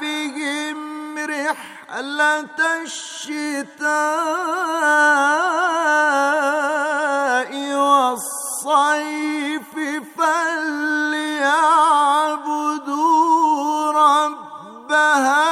فيهم رحلة الشتاء والصيف فليعبدوا رب هذا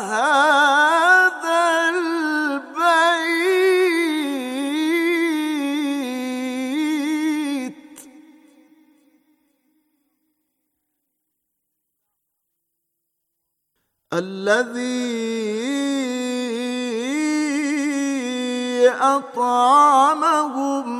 هذا البيت الذي أطعمهم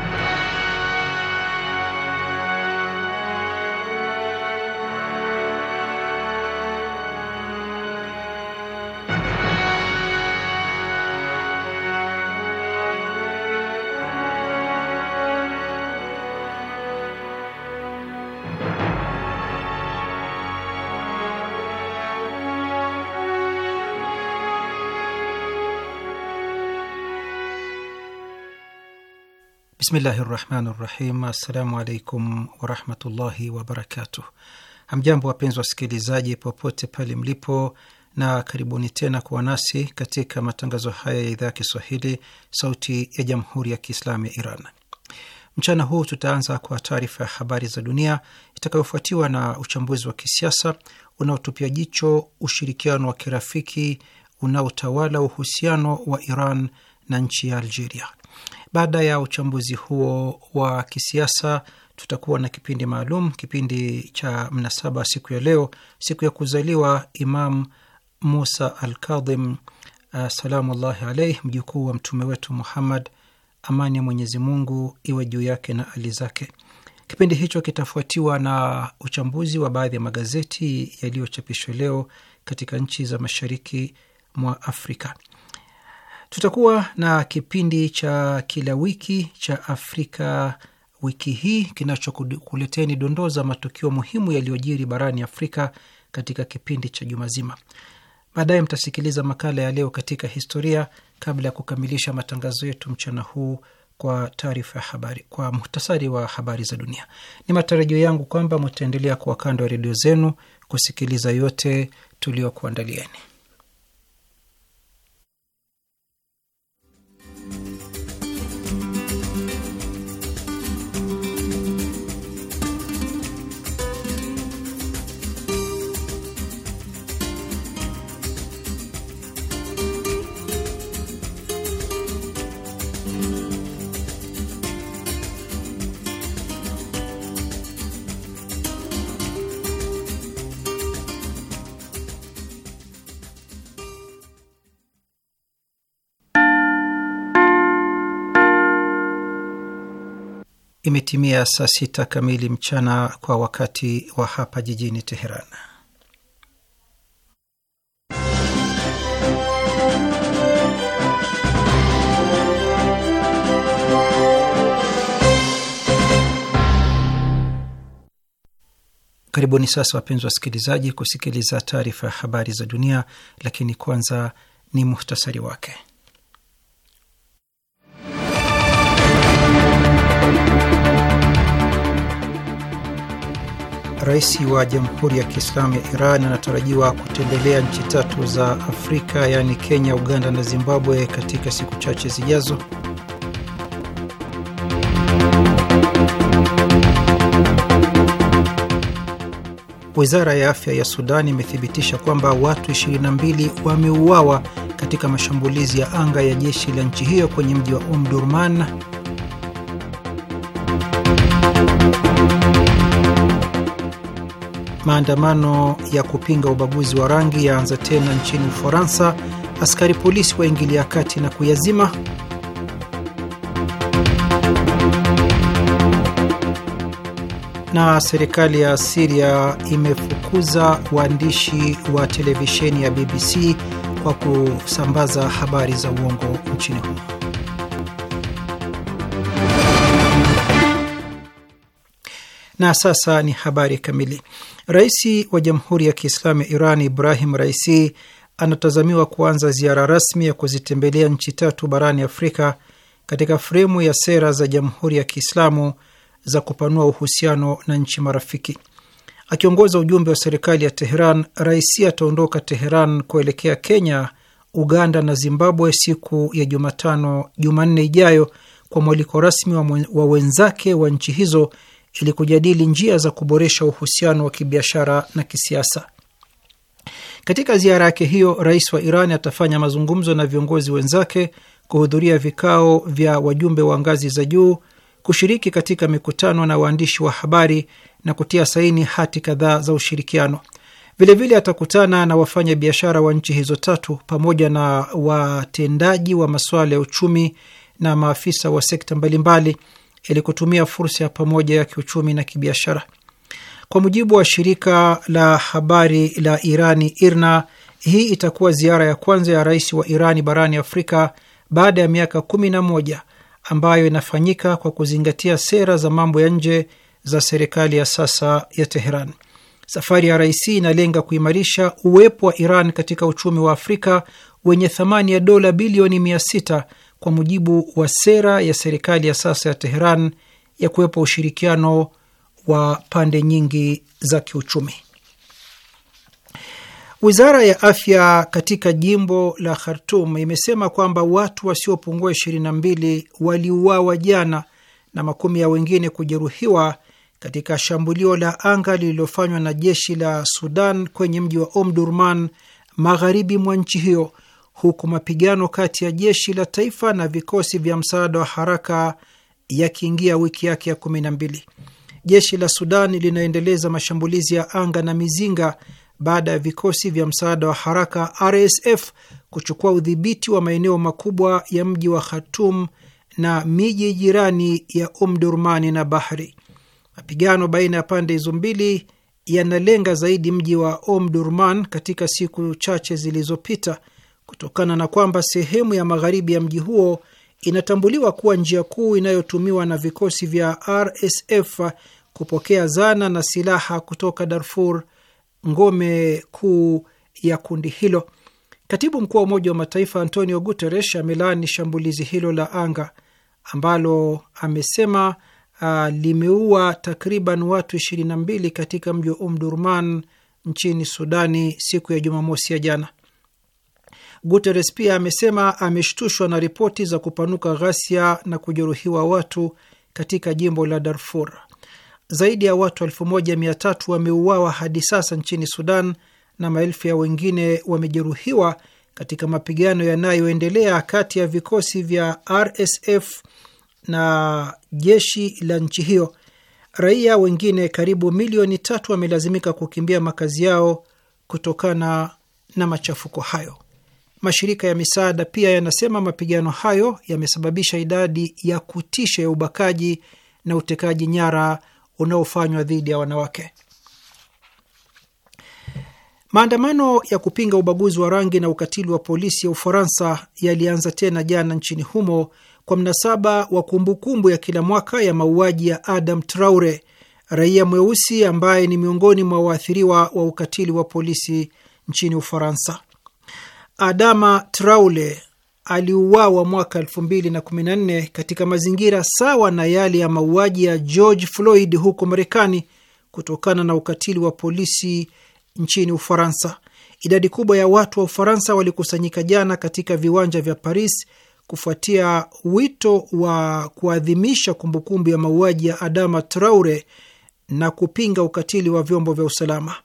Bismillahi rahmani rahim. Assalamu alaikum warahmatullahi wabarakatuh. Hamjambo wapenzi wasikilizaji popote pale mlipo, na karibuni tena kuwa nasi katika matangazo haya ya idhaa ya Kiswahili sauti ya jamhuri ya Kiislamu ya Iran. Mchana huu tutaanza kwa taarifa ya habari za dunia itakayofuatiwa na uchambuzi wa kisiasa unaotupia jicho ushirikiano wa kirafiki unaotawala uhusiano wa Iran na nchi ya Algeria. Baada ya uchambuzi huo wa kisiasa, tutakuwa na kipindi maalum, kipindi cha mnasaba siku ya leo, siku ya kuzaliwa Imam Musa Alkadhim salamullahi alaih, mjukuu wa mtume wetu Muhammad, amani ya Mwenyezi Mungu iwe juu yake na ali zake. Kipindi hicho kitafuatiwa na uchambuzi wa baadhi ya magazeti ya magazeti yaliyochapishwa leo katika nchi za mashariki mwa Afrika. Tutakuwa na kipindi cha kila wiki cha Afrika wiki hii kinachokuleteni dondoo za matukio muhimu yaliyojiri barani Afrika katika kipindi cha juma zima. Baadaye mtasikiliza makala ya leo katika historia, kabla ya kukamilisha matangazo yetu mchana huu kwa taarifa ya habari, kwa muhtasari wa habari za dunia. Ni matarajio yangu kwamba mtaendelea kuwa kando ya redio zenu kusikiliza yote tuliokuandalieni. Thank you. Imetimia saa sita kamili mchana kwa wakati wa hapa jijini Teheran. Karibuni sasa, wapenzi wasikilizaji, kusikiliza taarifa ya habari za dunia, lakini kwanza ni muhtasari wake. rais wa Jamhuri ya Kiislamu ya Iran anatarajiwa kutembelea nchi tatu za Afrika, yaani Kenya, Uganda na Zimbabwe katika siku chache zijazo. Wizara ya afya ya Sudan imethibitisha kwamba watu 22 wameuawa katika mashambulizi ya anga ya jeshi la nchi hiyo kwenye mji wa Omdurman Maandamano ya kupinga ubaguzi wa rangi yaanza tena nchini Ufaransa. Askari polisi waingilia kati na kuyazima. Na serikali ya Siria imefukuza waandishi wa televisheni ya BBC kwa kusambaza habari za uongo nchini humo. Na sasa ni habari kamili. Rais wa Jamhuri ya Kiislamu ya Iran Ibrahim Raisi anatazamiwa kuanza ziara rasmi ya kuzitembelea nchi tatu barani Afrika katika fremu ya sera za Jamhuri ya Kiislamu za kupanua uhusiano na nchi marafiki. Akiongoza ujumbe wa serikali ya Teheran, Raisi ataondoka Teheran kuelekea Kenya, Uganda na Zimbabwe siku ya Jumatano, Jumanne ijayo kwa mwaliko rasmi wa wenzake wa nchi hizo ili kujadili njia za kuboresha uhusiano wa kibiashara na kisiasa. Katika ziara yake hiyo, rais wa Iran atafanya mazungumzo na viongozi wenzake, kuhudhuria vikao vya wajumbe wa ngazi za juu, kushiriki katika mikutano na waandishi wa habari na kutia saini hati kadhaa za ushirikiano. Vilevile atakutana na wafanya biashara wa nchi hizo tatu pamoja na watendaji wa masuala ya uchumi na maafisa wa sekta mbalimbali mbali, ili kutumia fursa ya pamoja ya kiuchumi na kibiashara. Kwa mujibu wa shirika la habari la Irani IRNA, hii itakuwa ziara ya kwanza ya rais wa Irani barani Afrika baada ya miaka kumi na moja ambayo inafanyika kwa kuzingatia sera za mambo ya nje za serikali ya sasa ya Teheran. Safari ya rais inalenga kuimarisha uwepo wa Iran katika uchumi wa Afrika wenye thamani ya dola bilioni mia sita kwa mujibu wa sera ya serikali ya sasa ya Teheran ya kuwepo ushirikiano wa pande nyingi za kiuchumi. Wizara ya afya katika jimbo la Khartum imesema kwamba watu wasiopungua mbili waliuawa jana na makumi ya wengine kujeruhiwa katika shambulio la anga lililofanywa na jeshi la Sudan kwenye mji wa Omdurman magharibi mwa nchi hiyo huku mapigano kati ya jeshi la taifa na vikosi vya msaada wa haraka yakiingia wiki yake ya kumi na mbili. Jeshi la Sudan linaendeleza mashambulizi ya anga na mizinga baada ya vikosi vya msaada wa haraka RSF kuchukua udhibiti wa maeneo makubwa ya mji wa Khartoum na miji jirani ya Umdurmani na Bahri. Mapigano baina ya pande hizo mbili yanalenga zaidi mji wa Omdurman umm katika siku chache zilizopita kutokana na kwamba sehemu ya magharibi ya mji huo inatambuliwa kuwa njia kuu inayotumiwa na vikosi vya RSF kupokea zana na silaha kutoka Darfur, ngome kuu ya kundi hilo. Katibu mkuu wa Umoja wa Mataifa Antonio Guterres amelaani shambulizi hilo la anga ambalo amesema uh, limeua takriban watu 22 katika mji wa Umdurman nchini Sudani siku ya Jumamosi ya jana. Guterres pia amesema ameshtushwa na ripoti za kupanuka ghasia na kujeruhiwa watu katika jimbo la Darfur. Zaidi ya watu 13 wameuawa hadi sasa nchini Sudan na maelfu ya wengine wamejeruhiwa katika mapigano yanayoendelea kati ya vikosi vya RSF na jeshi la nchi hiyo. Raia wengine karibu milioni tatu wamelazimika kukimbia makazi yao kutokana na machafuko hayo. Mashirika ya misaada pia yanasema mapigano hayo yamesababisha idadi ya kutisha ya ubakaji na utekaji nyara unaofanywa dhidi ya wanawake. Maandamano ya kupinga ubaguzi wa rangi na ukatili wa polisi ya Ufaransa yalianza tena jana nchini humo kwa mnasaba wa kumbukumbu ya kila mwaka ya mauaji ya Adam Traore, raia mweusi ambaye ni miongoni mwa waathiriwa wa ukatili wa polisi nchini Ufaransa. Adama Traule aliuawa mwaka 2014 katika mazingira sawa na yale ya mauaji ya George Floyd huko Marekani kutokana na ukatili wa polisi nchini Ufaransa. Idadi kubwa ya watu wa Ufaransa walikusanyika jana katika viwanja vya Paris kufuatia wito wa kuadhimisha kumbukumbu ya mauaji ya Adama traure na kupinga ukatili wa vyombo vya usalama.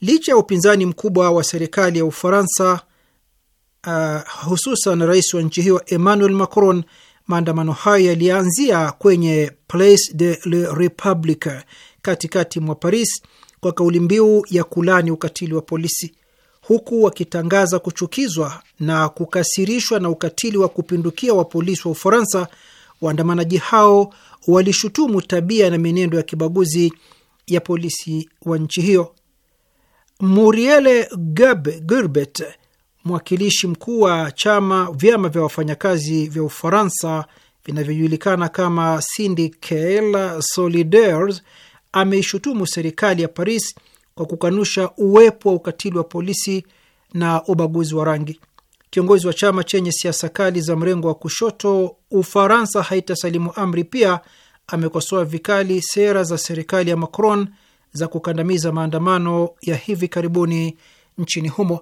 Licha ya upinzani mkubwa wa serikali ya Ufaransa, uh, hususan rais wa nchi hiyo Emmanuel Macron, maandamano hayo yalianzia kwenye Place de la Republique katikati mwa Paris kwa kauli mbiu ya kulani ukatili wa polisi, huku wakitangaza kuchukizwa na kukasirishwa na ukatili wa kupindukia wa polisi wa Ufaransa. Waandamanaji hao walishutumu tabia na mienendo ya kibaguzi ya polisi wa nchi hiyo. Muriele Gurbet, mwakilishi mkuu wa chama vyama vya wafanyakazi vya Ufaransa vinavyojulikana kama Syndical Solidaires, ameishutumu serikali ya Paris kwa kukanusha uwepo wa ukatili wa polisi na ubaguzi wa rangi. Kiongozi wa chama chenye siasa kali za mrengo wa kushoto Ufaransa haitasalimu amri pia amekosoa vikali sera za serikali ya Macron za kukandamiza maandamano ya hivi karibuni nchini humo.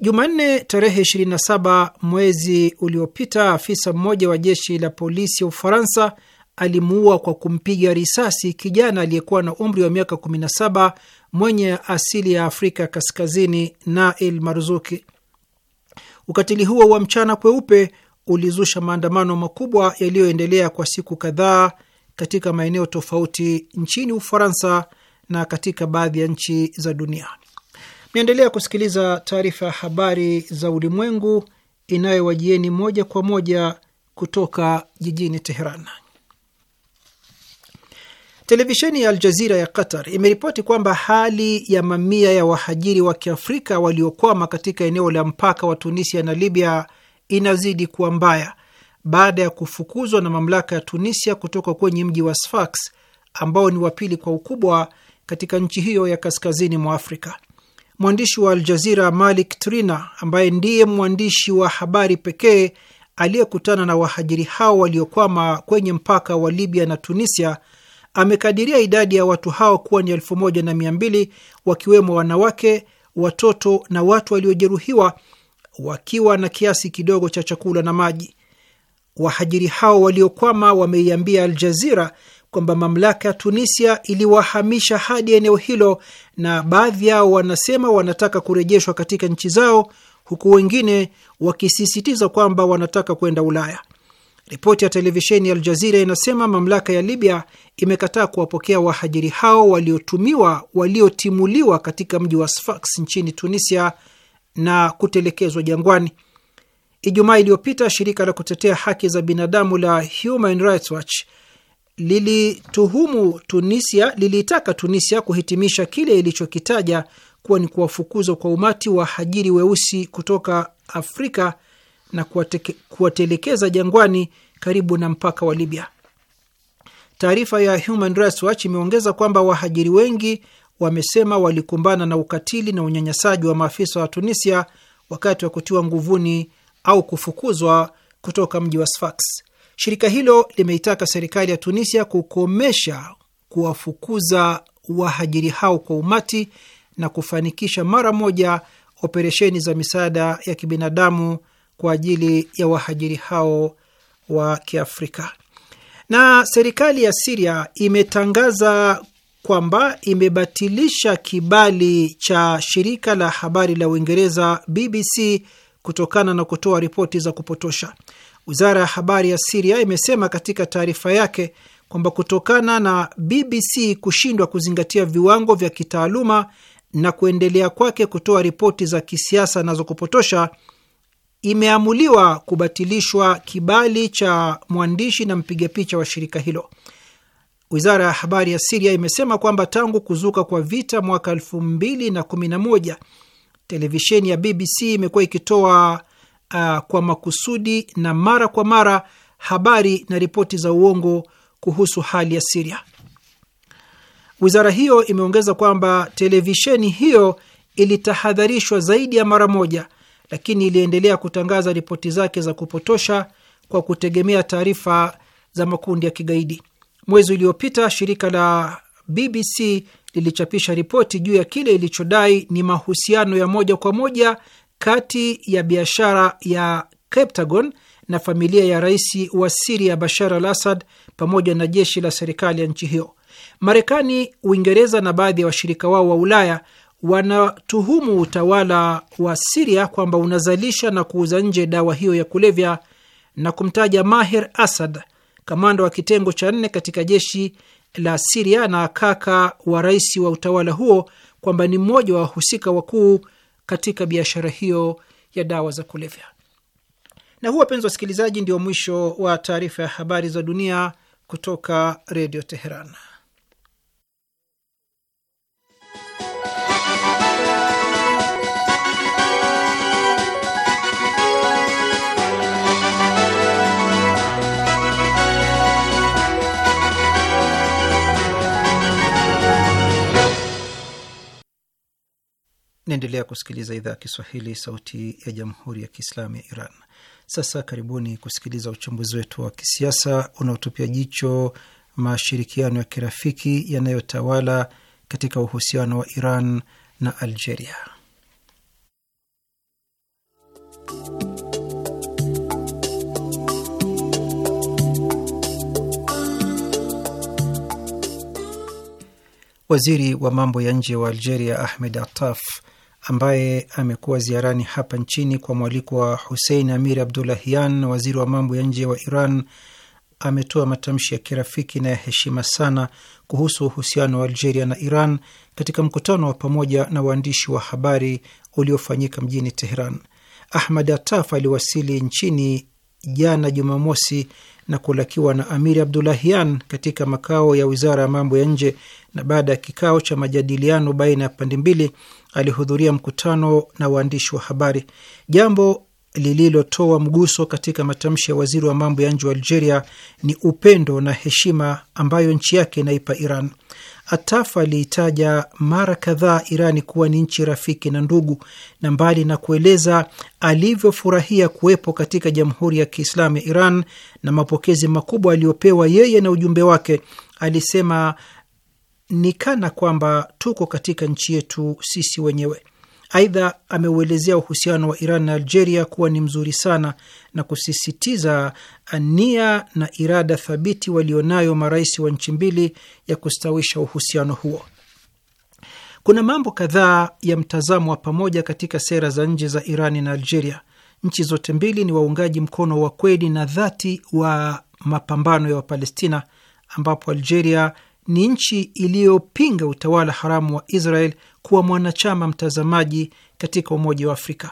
Jumanne tarehe 27 mwezi uliopita, afisa mmoja wa jeshi la polisi ya Ufaransa alimuua kwa kumpiga risasi kijana aliyekuwa na umri wa miaka 17 mwenye asili ya Afrika Kaskazini, Nail Marzuki. Ukatili huo wa mchana kweupe ulizusha maandamano makubwa yaliyoendelea kwa siku kadhaa katika maeneo tofauti nchini Ufaransa na katika baadhi ya nchi za dunia Mnaendelea kusikiliza taarifa ya habari za ulimwengu inayowajieni moja kwa moja kutoka jijini Teheran. Televisheni ya Aljazira ya Qatar imeripoti kwamba hali ya mamia ya wahajiri wa Kiafrika waliokwama katika eneo la mpaka wa Tunisia na Libya inazidi kuwa mbaya baada ya kufukuzwa na mamlaka ya Tunisia kutoka kwenye mji wa Sfax ambao ni wa pili kwa ukubwa katika nchi hiyo ya kaskazini mwa Afrika. Mwandishi wa Aljazira Malik Trina, ambaye ndiye mwandishi wa habari pekee aliyekutana na wahajiri hao waliokwama kwenye mpaka wa Libya na Tunisia, amekadiria idadi ya watu hao kuwa ni elfu moja na mia mbili wakiwemo wanawake, watoto na watu waliojeruhiwa, wakiwa na kiasi kidogo cha chakula na maji. Wahajiri hao waliokwama wameiambia Aljazira kwamba mamlaka ya Tunisia iliwahamisha hadi eneo hilo, na baadhi yao wanasema wanataka kurejeshwa katika nchi zao, huku wengine wakisisitiza kwamba wanataka kwenda Ulaya. Ripoti ya televisheni ya Aljazira inasema mamlaka ya Libya imekataa kuwapokea wahajiri hao waliotumiwa waliotimuliwa katika mji wa Sfax nchini Tunisia na kutelekezwa jangwani. Ijumaa iliyopita shirika la kutetea haki za binadamu la Human Rights Watch lilituhumu Tunisia, liliitaka Tunisia kuhitimisha kile ilichokitaja kuwa ni kuwafukuza kwa umati wa hajiri weusi kutoka Afrika na kuwatelekeza jangwani karibu na mpaka wa Libya. Taarifa ya Human Rights Watch imeongeza kwamba wahajiri wengi wamesema walikumbana na ukatili na unyanyasaji wa maafisa wa Tunisia wakati wa kutiwa nguvuni au kufukuzwa kutoka mji wa Sfax. Shirika hilo limeitaka serikali ya Tunisia kukomesha kuwafukuza wahajiri hao kwa umati na kufanikisha mara moja operesheni za misaada ya kibinadamu kwa ajili ya wahajiri hao wa Kiafrika. Na serikali ya Siria imetangaza kwamba imebatilisha kibali cha shirika la habari la Uingereza BBC kutokana na kutoa ripoti za kupotosha. Wizara ya habari ya Siria imesema katika taarifa yake kwamba kutokana na BBC kushindwa kuzingatia viwango vya kitaaluma na kuendelea kwake kutoa ripoti za kisiasa na za kupotosha, imeamuliwa kubatilishwa kibali cha mwandishi na mpiga picha wa shirika hilo. Wizara ya habari ya Siria imesema kwamba tangu kuzuka kwa vita mwaka elfu mbili na kumi na moja televisheni ya BBC imekuwa ikitoa uh, kwa makusudi na mara kwa mara habari na ripoti za uongo kuhusu hali ya Siria. Wizara hiyo imeongeza kwamba televisheni hiyo ilitahadharishwa zaidi ya mara moja, lakini iliendelea kutangaza ripoti zake za kupotosha kwa kutegemea taarifa za makundi ya kigaidi. Mwezi uliopita shirika la BBC lilichapisha ripoti juu ya kile ilichodai ni mahusiano ya moja kwa moja kati ya biashara ya Captagon na familia ya rais wa Siria Bashar al Assad pamoja na jeshi la serikali ya nchi hiyo. Marekani, Uingereza na baadhi ya washirika wao wa Ulaya wanatuhumu utawala wa Siria kwamba unazalisha na kuuza nje dawa hiyo ya kulevya na kumtaja Maher assad kamanda wa kitengo cha nne katika jeshi la Siria na kaka wa rais wa utawala huo kwamba ni mmoja wa wahusika wakuu katika biashara hiyo ya dawa za kulevya. Na huu, wapenzi wasikilizaji, ndio mwisho wa taarifa ya habari za dunia kutoka Redio Teheran. Naendelea kusikiliza idhaa ya Kiswahili, sauti ya jamhuri ya kiislamu ya Iran. Sasa karibuni kusikiliza uchambuzi wetu wa kisiasa unaotupia jicho mashirikiano ya kirafiki yanayotawala katika uhusiano wa Iran na Algeria. Waziri wa mambo ya nje wa Algeria Ahmed Attaf ambaye amekuwa ziarani hapa nchini kwa mwaliko wa Hussein Amir Abdulahian, waziri wa mambo ya nje wa Iran, ametoa matamshi ya kirafiki na ya heshima sana kuhusu uhusiano wa Algeria na Iran katika mkutano wa pamoja na waandishi wa habari uliofanyika mjini Teheran. Ahmad Ataf aliwasili nchini jana Jumamosi na kulakiwa na Amir Abdulahian katika makao ya wizara ya mambo ya nje, na baada ya kikao cha majadiliano baina ya pande mbili alihudhuria mkutano na waandishi wa habari, jambo lililotoa mguso katika matamshi ya waziri wa mambo ya nje wa Algeria ni upendo na heshima ambayo nchi yake inaipa Iran. ataf aliitaja mara kadhaa Irani kuwa ni nchi rafiki na ndugu, na mbali na kueleza alivyofurahia kuwepo katika Jamhuri ya Kiislamu ya Iran na mapokezi makubwa aliyopewa yeye na ujumbe wake, alisema ni kana kwamba tuko katika nchi yetu sisi wenyewe. Aidha, ameuelezea uhusiano wa Iran na Algeria kuwa ni mzuri sana na kusisitiza nia na irada thabiti walionayo marais wa nchi mbili ya kustawisha uhusiano huo. Kuna mambo kadhaa ya mtazamo wa pamoja katika sera za nje za Irani na Algeria. Nchi zote mbili ni waungaji mkono wa kweli na dhati wa mapambano ya Wapalestina, ambapo Algeria ni nchi iliyopinga utawala haramu wa Israel kuwa mwanachama mtazamaji katika Umoja wa Afrika.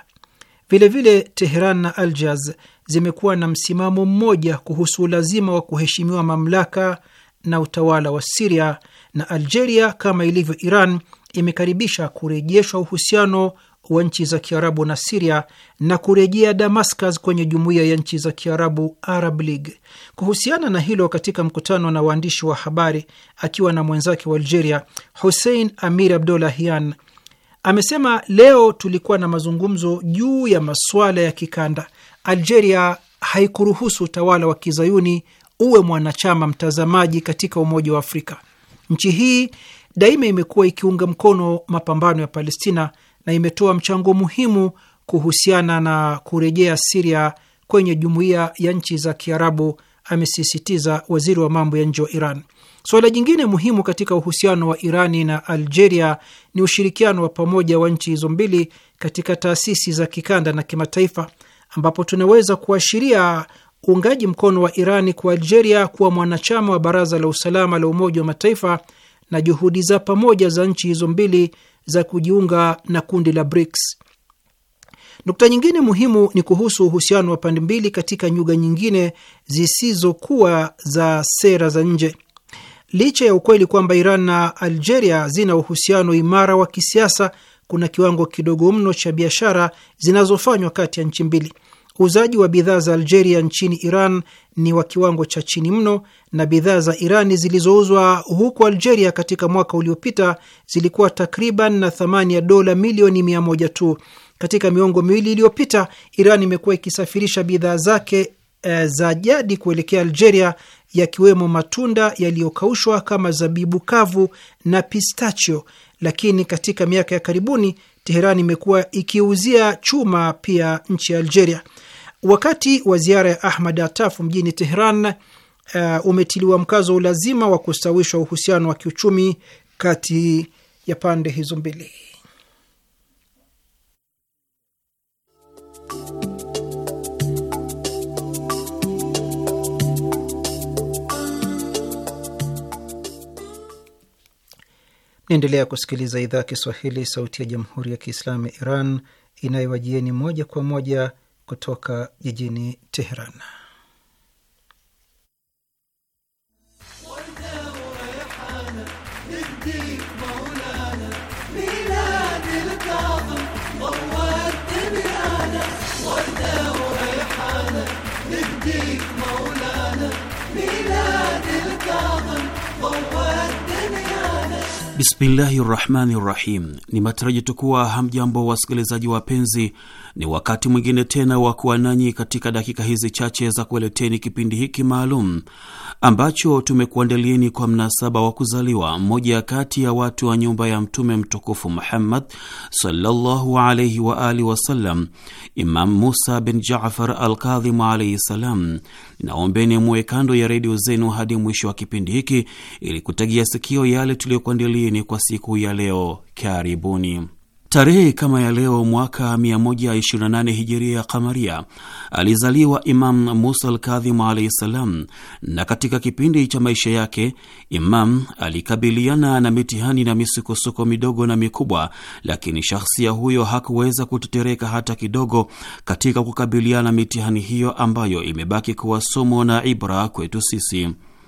Vilevile, Teheran na Aljaz zimekuwa na msimamo mmoja kuhusu ulazima wa kuheshimiwa mamlaka na utawala wa Siria, na Algeria kama ilivyo Iran imekaribisha kurejeshwa uhusiano wa nchi za Kiarabu na Siria na kurejea Damascus kwenye jumuiya ya nchi za Kiarabu, Arab League. Kuhusiana na hilo, katika mkutano na waandishi wa habari akiwa na mwenzake wa Algeria, Hussein Amir Abdollahian amesema leo tulikuwa na mazungumzo juu ya masuala ya kikanda. Algeria haikuruhusu utawala wa kizayuni uwe mwanachama mtazamaji katika Umoja wa Afrika. Nchi hii daima imekuwa ikiunga mkono mapambano ya Palestina na imetoa mchango muhimu kuhusiana na kurejea Siria kwenye jumuiya ya nchi za Kiarabu, amesisitiza waziri wa mambo ya nje wa Iran. Suala jingine muhimu katika uhusiano wa Irani na Algeria ni ushirikiano wa pamoja wa nchi hizo mbili katika taasisi za kikanda na kimataifa, ambapo tunaweza kuashiria uungaji mkono wa Irani kwa Algeria kuwa mwanachama wa Baraza la Usalama la Umoja wa Mataifa na juhudi za pamoja za nchi hizo mbili za kujiunga na kundi la BRICS. Nukta nyingine muhimu ni kuhusu uhusiano wa pande mbili katika nyuga nyingine zisizokuwa za sera za nje. Licha ya ukweli kwamba Iran na Algeria zina uhusiano imara wa kisiasa, kuna kiwango kidogo mno cha biashara zinazofanywa kati ya nchi mbili. Uuzaji wa bidhaa za Algeria nchini Iran ni wa kiwango cha chini mno, na bidhaa za Irani zilizouzwa huko Algeria katika mwaka uliopita zilikuwa takriban na thamani ya dola milioni mia moja tu. Katika miongo miwili iliyopita, Iran imekuwa ikisafirisha bidhaa zake e, za jadi kuelekea Algeria, yakiwemo matunda yaliyokaushwa kama zabibu kavu na pistachio, lakini katika miaka ya karibuni Teherani imekuwa ikiuzia chuma pia nchi ya Algeria. Wakati wa ziara ya Ahmad Atafu mjini Tehran uh, umetiliwa mkazo ulazima wa kustawishwa uhusiano wa kiuchumi kati ya pande hizo mbili. Naendelea kusikiliza idhaa ya Kiswahili, sauti ya jamhuri ya kiislamu ya Iran inayowajieni moja kwa moja kutoka jijini Teheran. Bismillahi rahmani rahim. Ni matarajio kuwa hamjambo wasikilizaji wapenzi, ni wakati mwingine tena wa kuwa nanyi katika dakika hizi chache za kueleteni kipindi hiki maalum ambacho tumekuandalieni kwa mnasaba wa kuzaliwa mmoja kati ya watu wa nyumba ya Mtume mtukufu Muhammad sallallahu alaihi wa alihi wasallam, Imam Musa bin Jafar Alkadhimu alaihi salam. Naombeni muwe kando ya redio zenu hadi mwisho wa kipindi hiki ili kutagia sikio yale tuliyokuandalieni kwa siku ya leo. Karibuni. Tarehe kama ya leo mwaka 128 hijiria kamaria alizaliwa Imam Musa Alkadhimu alaihi ssalam, na katika kipindi cha maisha yake Imam alikabiliana na mitihani na misukosuko midogo na mikubwa, lakini shahsia huyo hakuweza kutetereka hata kidogo katika kukabiliana mitihani hiyo ambayo imebaki kuwa somo na ibra kwetu sisi.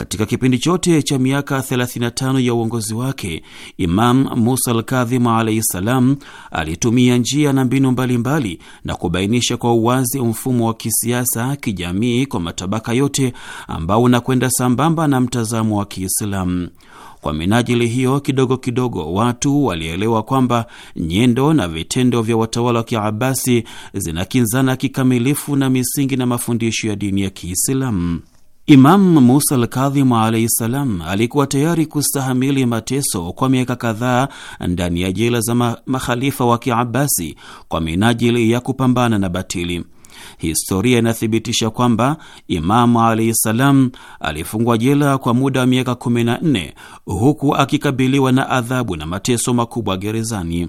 Katika kipindi chote cha miaka 35 ya uongozi wake, Imam Musa Alkadhim alaihi ssalam alitumia njia na mbinu mbalimbali mbali, na kubainisha kwa uwazi mfumo wa kisiasa, kijamii kwa matabaka yote ambao unakwenda sambamba na mtazamo wa Kiislamu. Kwa minajili hiyo, kidogo kidogo watu walielewa kwamba nyendo na vitendo vya watawala wa Kiabasi zinakinzana kikamilifu na misingi na mafundisho ya dini ya Kiislamu. Imamu Musa Alkadhimu alaihi ssalam alikuwa tayari kustahamili mateso kwa miaka kadhaa ndani ya jela za makhalifa wa Kiabasi kwa minajili ya kupambana na batili. Historia inathibitisha kwamba Imamu alaihi ssalam alifungwa jela kwa muda wa miaka 14 huku akikabiliwa na adhabu na mateso makubwa gerezani.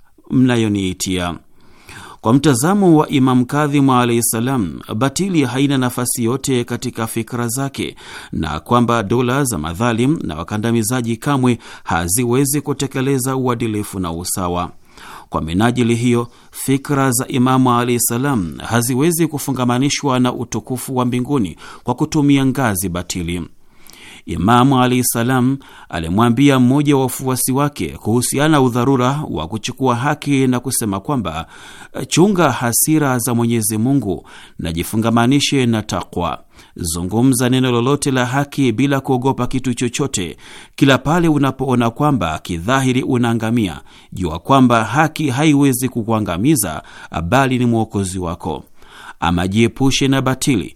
mnayoniitia. Kwa mtazamo wa Imam Kadhimu alaihi salam, batili haina nafasi yote katika fikra zake na kwamba dola za madhalim na wakandamizaji kamwe haziwezi kutekeleza uadilifu na usawa. Kwa minajili hiyo, fikra za Imamu alaihi salam haziwezi kufungamanishwa na utukufu wa mbinguni kwa kutumia ngazi batili. Imamu alahi salam alimwambia mmoja wa wafuasi wake kuhusiana udharura wa kuchukua haki na kusema kwamba chunga hasira za Mwenyezi Mungu na jifungamanishe na takwa. Zungumza neno lolote la haki bila kuogopa kitu chochote. Kila pale unapoona kwamba kidhahiri unaangamia, jua kwamba haki haiwezi kukuangamiza, bali ni mwokozi wako. Ama jiepushe na batili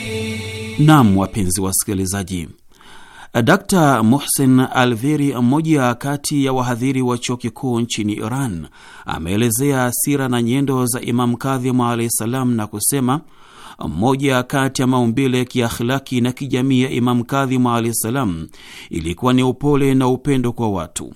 Naam, wapenzi wasikilizaji, d Mohsen Alveri, mmoja kati ya wahadhiri wa chuo kikuu nchini Iran, ameelezea sira na nyendo za Imam Kadhimu alahi salam na kusema mmoja kati ya maumbile ya kiakhlaki na kijamii ya Imam Kadhimu alahi salam ilikuwa ni upole na upendo kwa watu.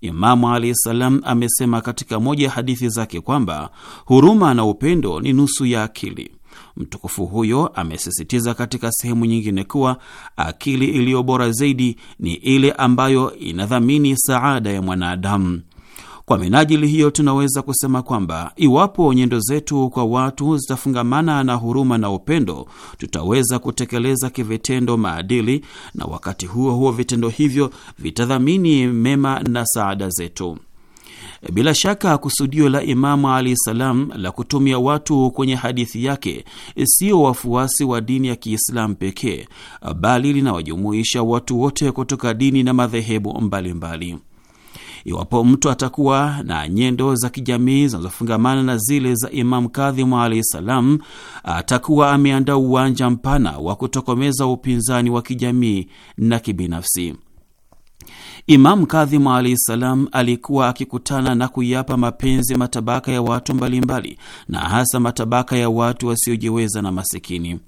Imamu alahi salam amesema katika moja ya hadithi zake kwamba huruma na upendo ni nusu ya akili. Mtukufu huyo amesisitiza katika sehemu nyingine kuwa akili iliyo bora zaidi ni ile ambayo inadhamini saada ya mwanadamu. Kwa minajili hiyo, tunaweza kusema kwamba iwapo nyendo zetu kwa watu zitafungamana na huruma na upendo, tutaweza kutekeleza kivitendo maadili, na wakati huo huo vitendo hivyo vitadhamini mema na saada zetu. Bila shaka kusudio la Imamu alahi salam la kutumia watu kwenye hadithi yake sio wafuasi wa dini ya Kiislamu pekee, bali linawajumuisha watu wote kutoka dini na madhehebu mbalimbali. Iwapo mtu atakuwa na nyendo za kijamii zinazofungamana na zile za Imamu Kadhimu alahi salam, atakuwa ameandaa uwanja mpana wa kutokomeza upinzani wa kijamii na kibinafsi. Imamu Kadhimu alahi salam alikuwa akikutana na kuyapa mapenzi matabaka ya watu mbalimbali, na hasa matabaka ya watu wasiojiweza na masikini.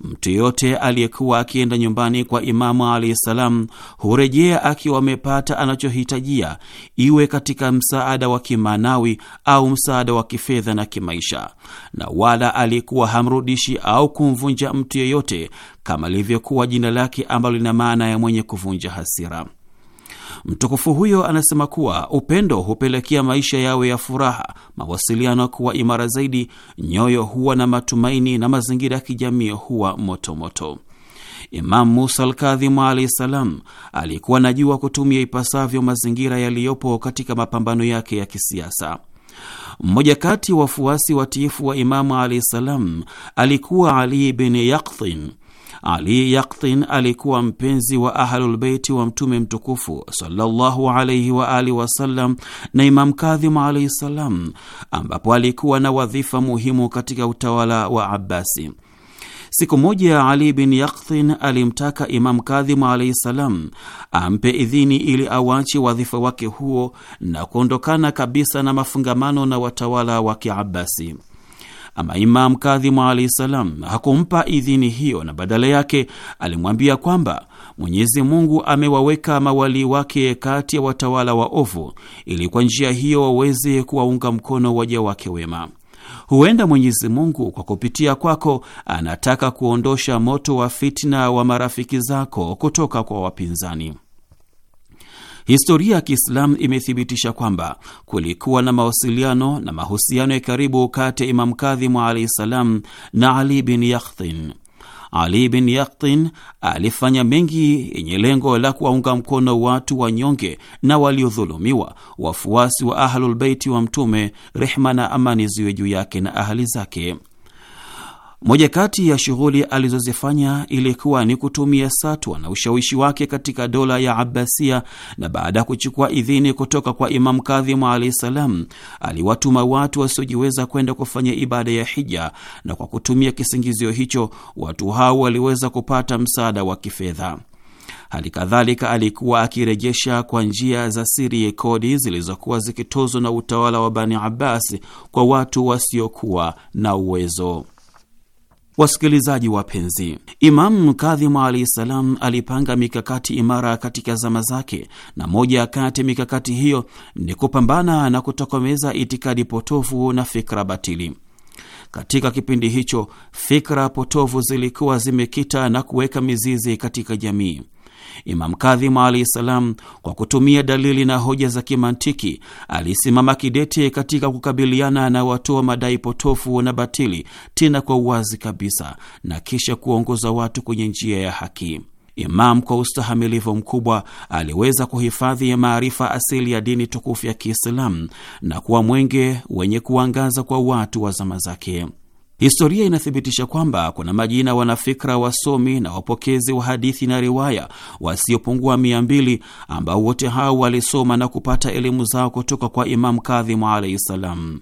Mtu yote aliyekuwa akienda nyumbani kwa Imamu alahi salam hurejea akiwa amepata anachohitajia, iwe katika msaada wa kimaanawi au msaada wa kifedha na kimaisha, na wala aliyekuwa hamrudishi au kumvunja mtu yeyote, kama lilivyokuwa jina lake ambalo lina maana ya mwenye kuvunja hasira. Mtukufu huyo anasema kuwa upendo hupelekea maisha yawe ya furaha, mawasiliano kuwa imara zaidi, nyoyo huwa na matumaini na mazingira ya kijamii huwa motomoto moto. Imam Musa Alkadhimu alahi salam alikuwa anajua kutumia ipasavyo mazingira yaliyopo katika mapambano yake ya kisiasa. Mmoja kati wafuasi watiifu wa Imamu alahi salam alikuwa Ali bin Yakdhin ali Yaktin alikuwa mpenzi wa Ahlulbeiti wa Mtume mtukufu sallallahu alaihi wa alihi wasallam na Imam Kadhim alaihi salam, ambapo alikuwa na wadhifa muhimu katika utawala wa Abbasi. Siku moja Ali bin Yakthin alimtaka Imam Kadhimu alaihi salam ampe idhini ili awache wadhifa wake huo na kuondokana kabisa na mafungamano na watawala wa Kiabasi. Ama Imam Kadhimu alahi salam hakumpa idhini hiyo, na badala yake alimwambia kwamba Mwenyezi Mungu amewaweka mawalii wake kati ya watawala waovu, ili kwa njia hiyo waweze kuwaunga mkono waja wake wema. Huenda Mwenyezi Mungu kwa kupitia kwako anataka kuondosha moto wa fitna wa marafiki zako kutoka kwa wapinzani. Historia ya Kiislamu imethibitisha kwamba kulikuwa na mawasiliano na mahusiano ya karibu kati ya Imam Kadhimu alaihi ssalam na Ali bin Yakhtin. Ali bin Yakhtin alifanya mengi yenye lengo la kuwaunga mkono watu wanyonge na waliodhulumiwa, wafuasi wa Ahlulbeiti wa Mtume, rehma na amani ziwe juu yake na ahali zake. Moja kati ya shughuli alizozifanya ilikuwa ni kutumia satwa na ushawishi wake katika dola ya Abbasia, na baada ya kuchukua idhini kutoka kwa Imam Kadhimu alahi salam, aliwatuma watu wasiojiweza kwenda kufanya ibada ya hija, na kwa kutumia kisingizio hicho watu hao waliweza kupata msaada wa kifedha. Hali kadhalika alikuwa akirejesha kwa njia za siri kodi zilizokuwa zikitozwa na utawala wa Bani Abbas kwa watu wasiokuwa na uwezo. Wasikilizaji wapenzi, Imamu Kadhimu alahi salam alipanga mikakati imara katika zama zake, na moja kati ya mikakati hiyo ni kupambana na kutokomeza itikadi potofu na fikra batili. Katika kipindi hicho fikra potofu zilikuwa zimekita na kuweka mizizi katika jamii. Imam Kadhim alahi salam, kwa kutumia dalili na hoja za kimantiki, alisimama kidete katika kukabiliana na watoa madai potofu na batili, tena kwa uwazi kabisa, na kisha kuongoza watu kwenye njia ya haki. Imam kwa ustahamilivu mkubwa aliweza kuhifadhi maarifa asili ya dini tukufu ya Kiislamu na kuwa mwenge wenye kuangaza kwa watu wa zama zake. Historia inathibitisha kwamba kuna majina wanafikra, wasomi na wapokezi wa hadithi na riwaya wasiopungua mia mbili ambao wote hao walisoma na kupata elimu zao kutoka kwa Imamu Kadhimu alaihi ssalam.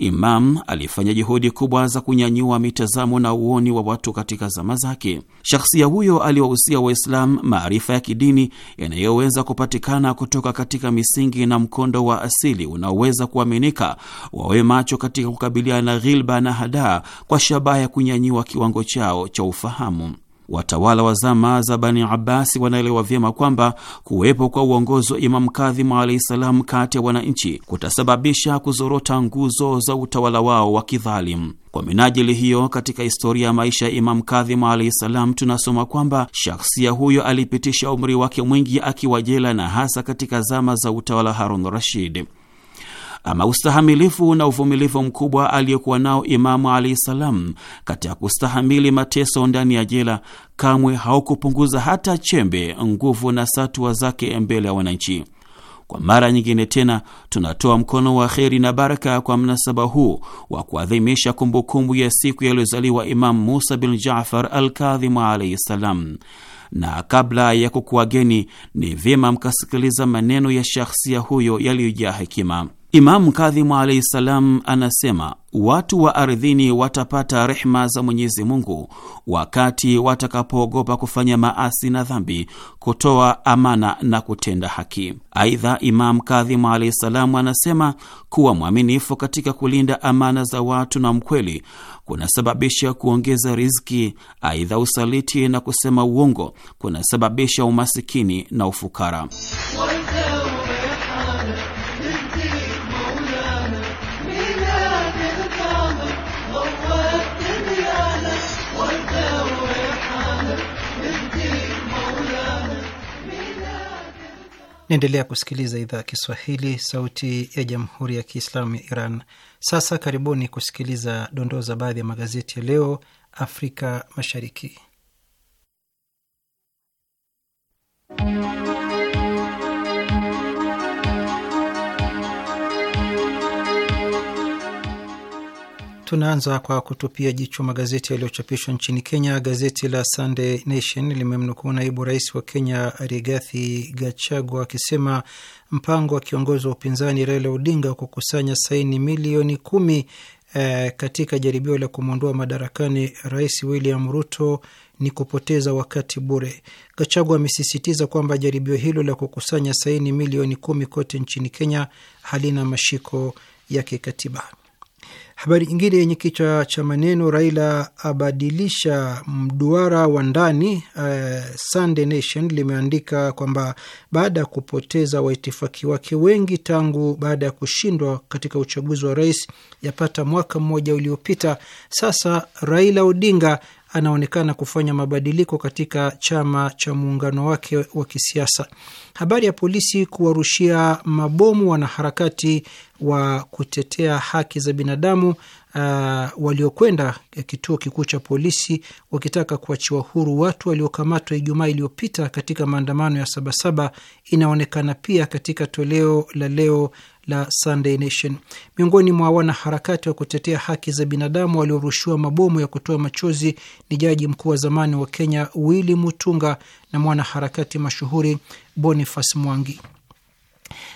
Imam alifanya juhudi kubwa za kunyanyua mitazamo na uoni wa watu katika zama zake. Shakhsia huyo aliwahusia Waislamu maarifa ya kidini yanayoweza kupatikana kutoka katika misingi na mkondo wa asili unaoweza kuaminika, wawe macho katika kukabiliana na ghilba na hadaa kwa shabaha ya kunyanyiwa kiwango chao cha ufahamu. Watawala wa zama za Bani Abbasi wanaelewa vyema kwamba kuwepo kwa uongozi wa Imamu Kadhimu alahi salam kati ya wananchi kutasababisha kuzorota nguzo za utawala wao wa kidhalimu. Kwa minajili hiyo, katika historia ya maisha ya Imamu Kadhimu alahi salam tunasoma kwamba shakhsia huyo alipitisha umri wake mwingi akiwa jela na hasa katika zama za utawala Harun Rashid. Ama ustahamilifu na uvumilivu mkubwa aliyekuwa nao Imamu alaihi salam katika kustahamili mateso ndani ya jela kamwe haukupunguza hata chembe nguvu na satua zake mbele ya wananchi. Kwa mara nyingine tena tunatoa mkono wa kheri na baraka kwa mnasaba huu wa kuadhimisha kumbukumbu ya siku yaliyozaliwa Imamu Musa bin Jafar al alaihi ssalam. Na kabla ya kukuwageni, ni vyema mkasikiliza maneno ya shakhsia huyo yaliyojaa hekima. Imamu Kadhimu alaihi salam anasema watu wa ardhini watapata rehma za Mwenyezi Mungu wakati watakapoogopa kufanya maasi na dhambi, kutoa amana na kutenda haki. Aidha, Imamu Kadhimu alaihi salam anasema kuwa mwaminifu katika kulinda amana za watu na mkweli kunasababisha kuongeza riziki. Aidha, usaliti na kusema uongo kunasababisha umasikini na ufukara. Naendelea kusikiliza idhaa ya Kiswahili, sauti ya jamhuri ya kiislamu ya Iran. Sasa karibuni kusikiliza dondoo za baadhi ya magazeti ya leo Afrika Mashariki. Tunaanza kwa kutupia jicho magazeti yaliyochapishwa nchini Kenya. Gazeti la Sunday Nation limemnukuu naibu rais wa Kenya Rigathi Gachagua akisema mpango wa kiongozi wa upinzani Raila Odinga wa kukusanya saini milioni kumi eh, katika jaribio la kumwondoa madarakani Rais William Ruto ni kupoteza wakati bure. Gachagua amesisitiza kwamba jaribio hilo la kukusanya saini milioni kumi kote nchini Kenya halina mashiko ya kikatiba. Habari nyingine yenye kichwa cha maneno Raila abadilisha mduara wa ndani, uh, Sunday Nation limeandika kwamba baada ya kupoteza waitifaki wake wengi tangu baada ya kushindwa katika uchaguzi wa rais yapata mwaka mmoja uliopita, sasa Raila Odinga anaonekana kufanya mabadiliko katika chama cha muungano wake wa kisiasa. Habari ya polisi kuwarushia mabomu wanaharakati wa kutetea haki za binadamu uh, waliokwenda kituo kikuu cha polisi wakitaka kuachiwa huru watu waliokamatwa Ijumaa iliyopita katika maandamano ya Sabasaba inaonekana pia katika toleo la leo la Sunday Nation. Miongoni mwa wanaharakati wa kutetea haki za binadamu waliorushiwa mabomu ya kutoa machozi ni jaji mkuu wa zamani wa Kenya Willy Mutunga na mwanaharakati mashuhuri Boniface Mwangi.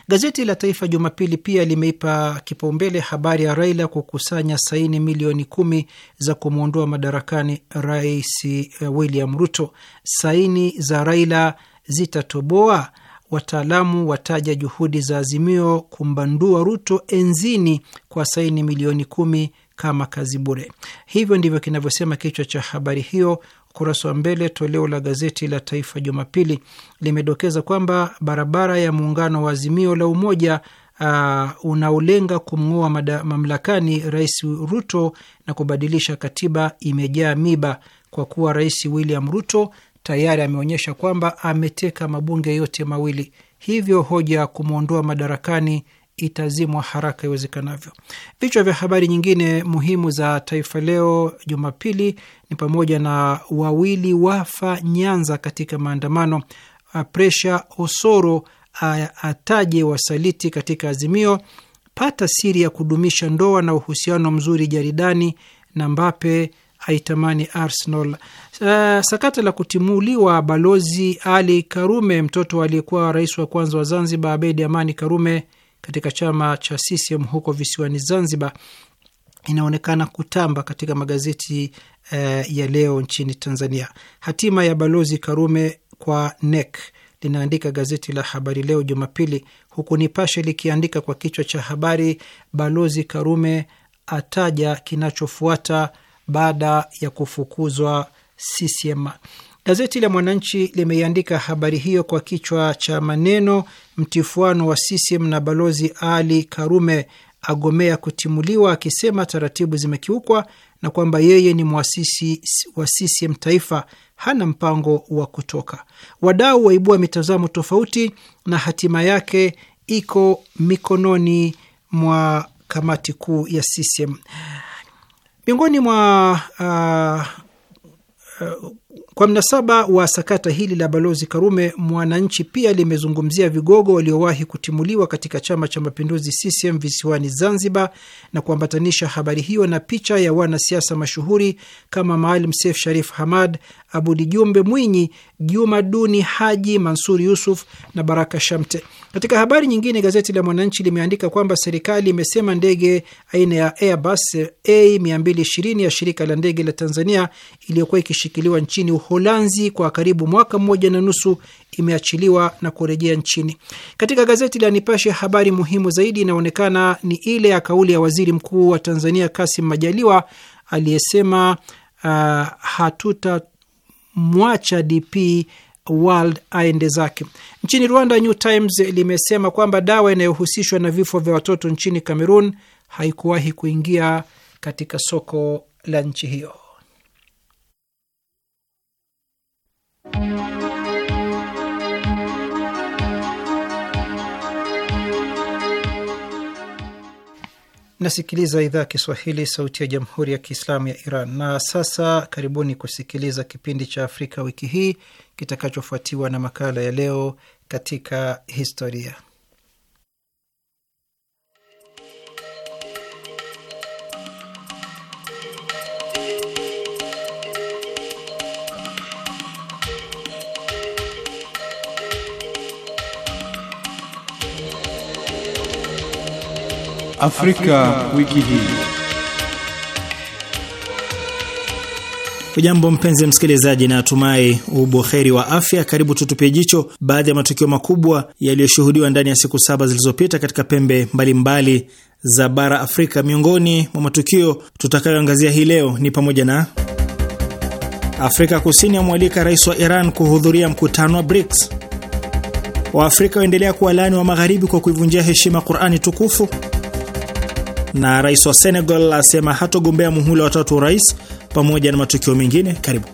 Gazeti la Taifa Jumapili pia limeipa kipaumbele habari ya Raila kukusanya saini milioni kumi za kumwondoa madarakani Rais eh, William Ruto. Saini za Raila zitatoboa, wataalamu wataja juhudi za Azimio kumbandua Ruto enzini kwa saini milioni kumi kama kazi bure. Hivyo ndivyo kinavyosema kichwa cha habari hiyo, Ukurasa wa mbele toleo la gazeti la Taifa Jumapili limedokeza kwamba barabara ya muungano wa Azimio la Umoja uh, unaolenga kumng'oa mamlakani Rais Ruto na kubadilisha katiba imejaa miba kwa kuwa Rais William Ruto tayari ameonyesha kwamba ameteka mabunge yote mawili, hivyo hoja ya kumwondoa madarakani itazimwa haraka iwezekanavyo. Vichwa vya habari nyingine muhimu za Taifa Leo Jumapili ni pamoja na wawili wafa Nyanza katika maandamano, presha Osoro ataje wasaliti katika Azimio, pata siri ya kudumisha ndoa na uhusiano mzuri jaridani, na Mbape aitamani Arsenal. Sakata la kutimuliwa balozi Ali Karume, mtoto aliyekuwa rais wa kwanza wa Zanzibar Abedi Amani Karume katika chama cha CCM huko visiwani Zanzibar inaonekana kutamba katika magazeti eh, ya leo nchini Tanzania. Hatima ya Balozi Karume kwa NEC linaandika gazeti la Habari Leo Jumapili, huku Nipashe likiandika kwa kichwa cha habari, Balozi Karume ataja kinachofuata baada ya kufukuzwa CCM. Gazeti la Mwananchi limeiandika habari hiyo kwa kichwa cha maneno, mtifuano wa CCM na Balozi Ali Karume agomea kutimuliwa, akisema taratibu zimekiukwa na kwamba yeye ni mwasisi wa CCM taifa, hana mpango wa kutoka. Wadau waibua mitazamo tofauti na hatima yake iko mikononi mwa kamati kuu ya CCM. Miongoni mwa uh, uh, kwa mnasaba wa sakata hili la balozi Karume, Mwananchi pia limezungumzia vigogo waliowahi kutimuliwa katika chama cha mapinduzi CCM visiwani Zanzibar na kuambatanisha habari hiyo na picha ya wanasiasa mashuhuri kama Maalim Seif Sharif Hamad, Abudi Jumbe Mwinyi, Juma Duni Haji, mansur Yusuf na Baraka Shamte. Katika habari nyingine, gazeti la Mwananchi limeandika kwamba serikali imesema ndege aina ya Airbus A220 ya shirika la ndege la Tanzania iliyokuwa ikishikiliwa nchini Uholanzi kwa karibu mwaka mmoja na nusu imeachiliwa na kurejea nchini. Katika gazeti la Nipashe, habari muhimu zaidi inaonekana ni ile ya kauli ya waziri mkuu wa Tanzania Kasim Majaliwa aliyesema uh, hatutamwacha DP World aende zake. Nchini Rwanda, New Times limesema kwamba dawa inayohusishwa na vifo vya watoto nchini Cameroon haikuwahi kuingia katika soko la nchi hiyo. Mnasikiliza idhaa ya Kiswahili, sauti ya jamhuri ya kiislamu ya Iran. Na sasa karibuni kusikiliza kipindi cha Afrika wiki hii kitakachofuatiwa na makala ya leo katika historia. Afrika, wiki hii. Ujambo mpenzi msikilizaji, na atumai ubuheri wa afya. Karibu tutupie jicho baadhi ya matukio makubwa yaliyoshuhudiwa ndani ya siku saba zilizopita katika pembe mbalimbali mbali za bara Afrika. Miongoni mwa matukio tutakayoangazia hii leo ni pamoja na Afrika Kusini amwalika rais wa Iran kuhudhuria mkutano wa BRICS, Waafrika waendelea kuwalaani wa Magharibi kwa kuivunjia heshima Qurani tukufu na rais wa Senegal asema hatogombea muhula watatu wa rais, pamoja na matukio mengine. Karibu.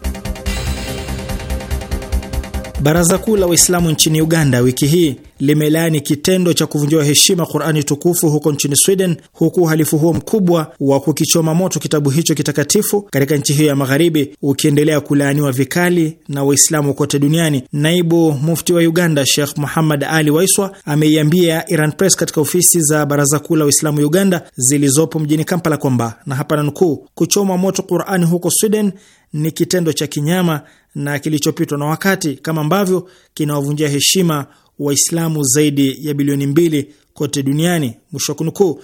Baraza Kuu la Waislamu nchini Uganda wiki hii limelaani kitendo cha kuvunjiwa heshima Qurani tukufu huko nchini Sweden, huku uhalifu huo mkubwa wa kukichoma moto kitabu hicho kitakatifu katika nchi hiyo ya magharibi ukiendelea kulaaniwa vikali na Waislamu kote duniani. Naibu mufti wa Uganda Sheikh Muhammad Ali Waiswa ameiambia Iran Press katika ofisi za Baraza Kuu la Waislamu Uganda zilizopo mjini Kampala kwamba na hapa nanukuu, kuchoma moto Qurani huko Sweden ni kitendo cha kinyama na kilichopitwa na wakati, kama ambavyo kinawavunjia heshima Waislamu zaidi ya bilioni mbili kote duniani, mwisho wa kunukuu.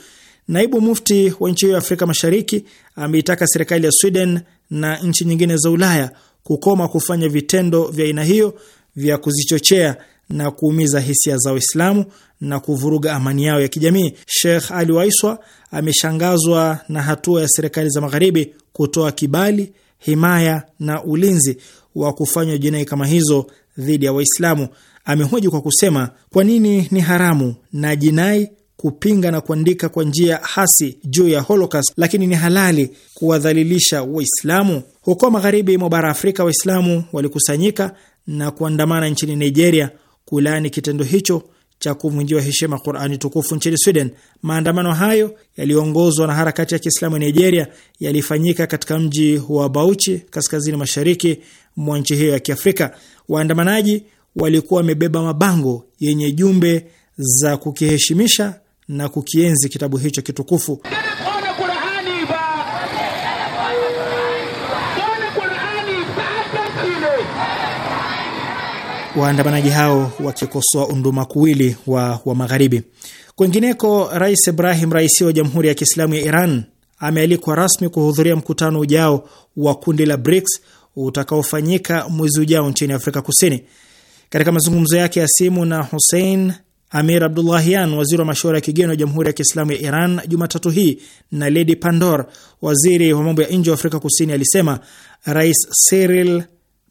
Naibu mufti wa nchi hiyo ya Afrika Mashariki ameitaka serikali ya Sweden na nchi nyingine za Ulaya kukoma kufanya vitendo vya aina hiyo vya kuzichochea na kuumiza hisia za Waislamu na kuvuruga amani yao ya kijamii. Sheikh Ali Waiswa ameshangazwa na hatua ya serikali za Magharibi kutoa kibali, himaya na ulinzi wa kufanywa jinai kama hizo dhidi ya Waislamu amehoji kwa kusema kwa nini ni haramu na jinai kupinga na kuandika kwa njia hasi juu ya Holocaust, lakini ni halali kuwadhalilisha Waislamu. Huko magharibi mwa bara Afrika, Waislamu walikusanyika na kuandamana nchini Nigeria kulaani kitendo hicho cha kuvunjiwa heshima Qurani tukufu nchini Sweden. Maandamano hayo yaliyoongozwa na harakati ya Kiislamu ya Nigeria yalifanyika katika mji wa Bauchi, kaskazini mashariki mwa nchi hiyo ya Kiafrika. Waandamanaji walikuwa wamebeba mabango yenye jumbe za kukiheshimisha na kukienzi kitabu hicho kitukufu. Waandamanaji hao wakikosoa undumakuwili wa wa Magharibi. Kwingineko, Rais Ibrahim Raisi wa Jamhuri ya Kiislamu ya Iran amealikwa rasmi kuhudhuria mkutano ujao wa kundi la BRICS utakaofanyika mwezi ujao nchini Afrika Kusini. Katika mazungumzo yake ya simu na Hussein Amir Abdullahian, waziri wa mashauri ya kigeni wa Jamhuri ya Kiislamu ya Iran, Jumatatu hii na Lady Pandor, waziri wa mambo ya nje wa Afrika Kusini, alisema Rais Cyril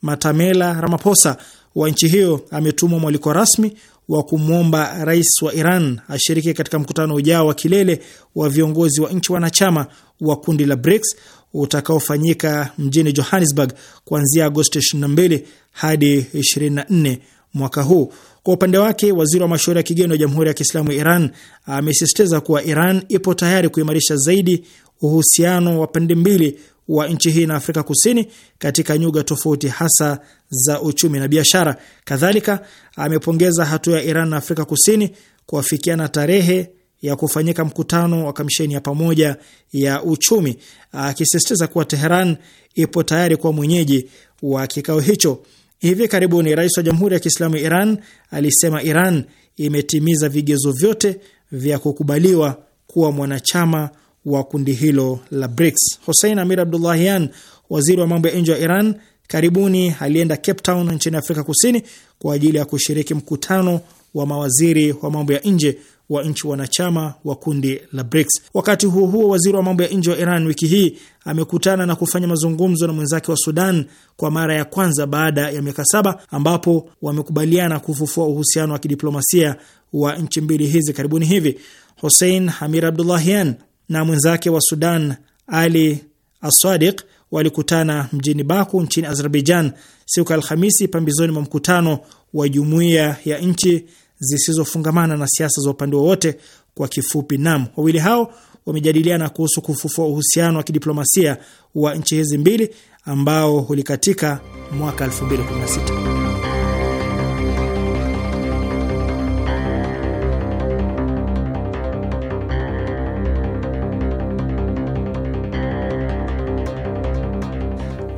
Matamela Ramaphosa wa nchi hiyo ametumwa mwaliko rasmi wa kumwomba rais wa Iran ashiriki katika mkutano ujao wa kilele wa viongozi wa nchi wanachama wa kundi la BRICS utakaofanyika mjini Johannesburg kuanzia Agosti 22 hadi 24 mwaka huu. Kwa upande wake, waziri wa mashauri ya kigeni wa Jamhuri ya Kiislamu ya Iran amesisitiza kuwa Iran ipo tayari kuimarisha zaidi uhusiano wa pande mbili wa nchi hii na Afrika Kusini katika nyuga tofauti hasa za uchumi na biashara. Kadhalika, amepongeza hatua ya Iran na Afrika Kusini kuafikiana tarehe ya kufanyika mkutano wa kamisheni ya pamoja ya uchumi, akisisitiza kuwa Teheran ipo tayari kuwa mwenyeji wa kikao hicho. Hivi karibuni rais wa Jamhuri ya Kiislamu Iran alisema Iran imetimiza vigezo vyote vya kukubaliwa kuwa mwanachama wa kundi hilo la BRICS. Hussein Amir Abdullahian, waziri wa mambo ya nje wa Iran, karibuni alienda Cape Town nchini Afrika Kusini kwa ajili ya kushiriki mkutano wa mawaziri wa mambo ya nje wa nchi wanachama wa kundi la BRICS. Wakati huo huo, waziri wa mambo ya nje wa Iran wiki hii amekutana na kufanya mazungumzo na mwenzake wa Sudan kwa mara ya kwanza baada ya miaka saba, ambapo wamekubaliana kufufua uhusiano wa kidiplomasia wa nchi mbili hizi. Karibuni hivi Hussein Hamir Abdullahian na mwenzake wa Sudan Ali Assadiq walikutana mjini Baku nchini Azerbaijan siku ya Alhamisi pambizoni mwa mkutano wa jumuiya ya nchi zisizofungamana na siasa za upande wowote, kwa kifupi NAM. Wawili hao wamejadiliana kuhusu kufufua uhusiano wa kidiplomasia wa nchi hizi mbili ambao ulikatika mwaka 2016.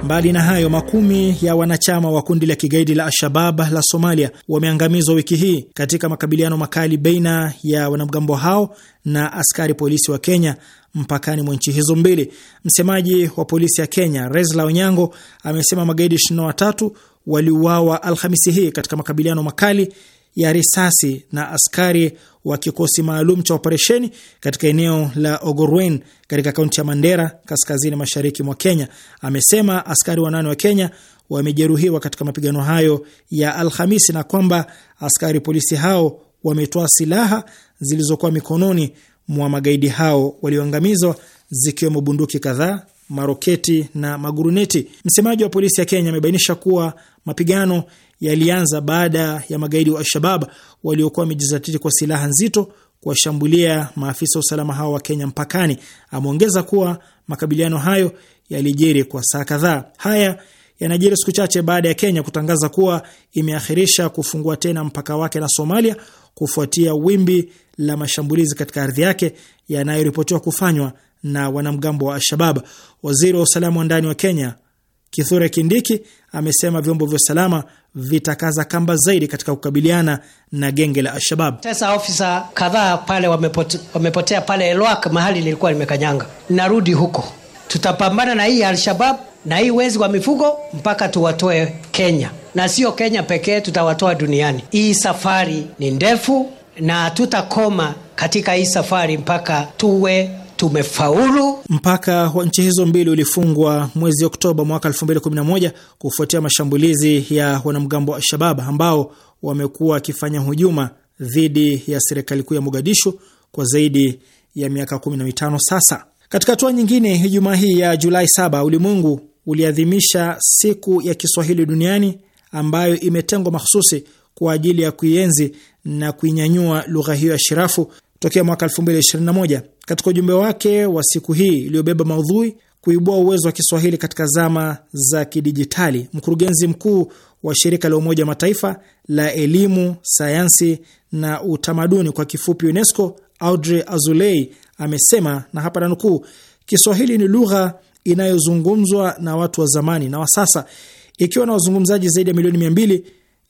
Mbali na hayo, makumi ya wanachama wa kundi la kigaidi la Al-Shabab la Somalia wameangamizwa wiki hii katika makabiliano makali baina ya wanamgambo hao na askari polisi wa Kenya mpakani mwa nchi hizo mbili. Msemaji wa polisi ya Kenya Resla Onyango amesema magaidi 23 waliuawa Alhamisi hii katika makabiliano makali ya risasi na askari wa kikosi maalum cha operesheni katika eneo la Ogorwen katika kaunti ya Mandera kaskazini mashariki mwa Kenya. Amesema askari wanane wa Kenya wamejeruhiwa katika mapigano hayo ya Alhamisi na kwamba askari polisi hao wametoa silaha zilizokuwa mikononi mwa magaidi hao walioangamizwa zikiwemo bunduki kadhaa, maroketi na maguruneti. Msemaji wa polisi ya Kenya amebainisha kuwa mapigano yalianza baada ya magaidi wa Alshabab waliokuwa wamejizatiti kwa silaha nzito kuwashambulia maafisa wa usalama hao wa Kenya mpakani. Ameongeza kuwa makabiliano hayo yalijiri kwa saa kadhaa. Haya yanajiri siku chache baada ya Kenya kutangaza kuwa imeakhirisha kufungua tena mpaka wake na Somalia kufuatia wimbi la mashambulizi katika ardhi yake yanayoripotiwa kufanywa na wanamgambo wa Alshabab. Waziri wa usalama wa ndani wa Kenya Kithure Kindiki amesema vyombo vya usalama vitakaza kamba zaidi katika kukabiliana na genge la Alshabab. Sasa ofisa kadhaa pale wamepote, wamepotea pale Elwak, mahali lilikuwa limekanyanga. Narudi huko, tutapambana na hii Alshabab na hii wezi wa mifugo mpaka tuwatoe Kenya, na sio Kenya pekee, tutawatoa duniani. Hii safari ni ndefu na tutakoma katika hii safari mpaka tuwe tumefaulu. Mpaka wa nchi hizo mbili ulifungwa mwezi Oktoba mwaka 2011 kufuatia mashambulizi ya wanamgambo wa Al-Shabab ambao wamekuwa wakifanya hujuma dhidi ya serikali kuu ya Mogadishu kwa zaidi ya miaka 15 sasa. Katika hatua nyingine, Ijumaa hii ya Julai 7 ulimwengu uliadhimisha siku ya Kiswahili duniani ambayo imetengwa mahususi kwa ajili ya kuienzi na kuinyanyua lugha hiyo ya shirafu tokea mwaka 2021. Katika ujumbe wake wa siku hii iliyobeba maudhui kuibua uwezo wa Kiswahili katika zama za kidijitali, mkurugenzi mkuu wa shirika la Umoja wa Mataifa la elimu, sayansi na utamaduni kwa kifupi UNESCO, Audrey Azoulay amesema, na hapa nanukuu, Kiswahili ni lugha inayozungumzwa na watu wa zamani na wa sasa, ikiwa na wazungumzaji zaidi ya milioni mia mbili.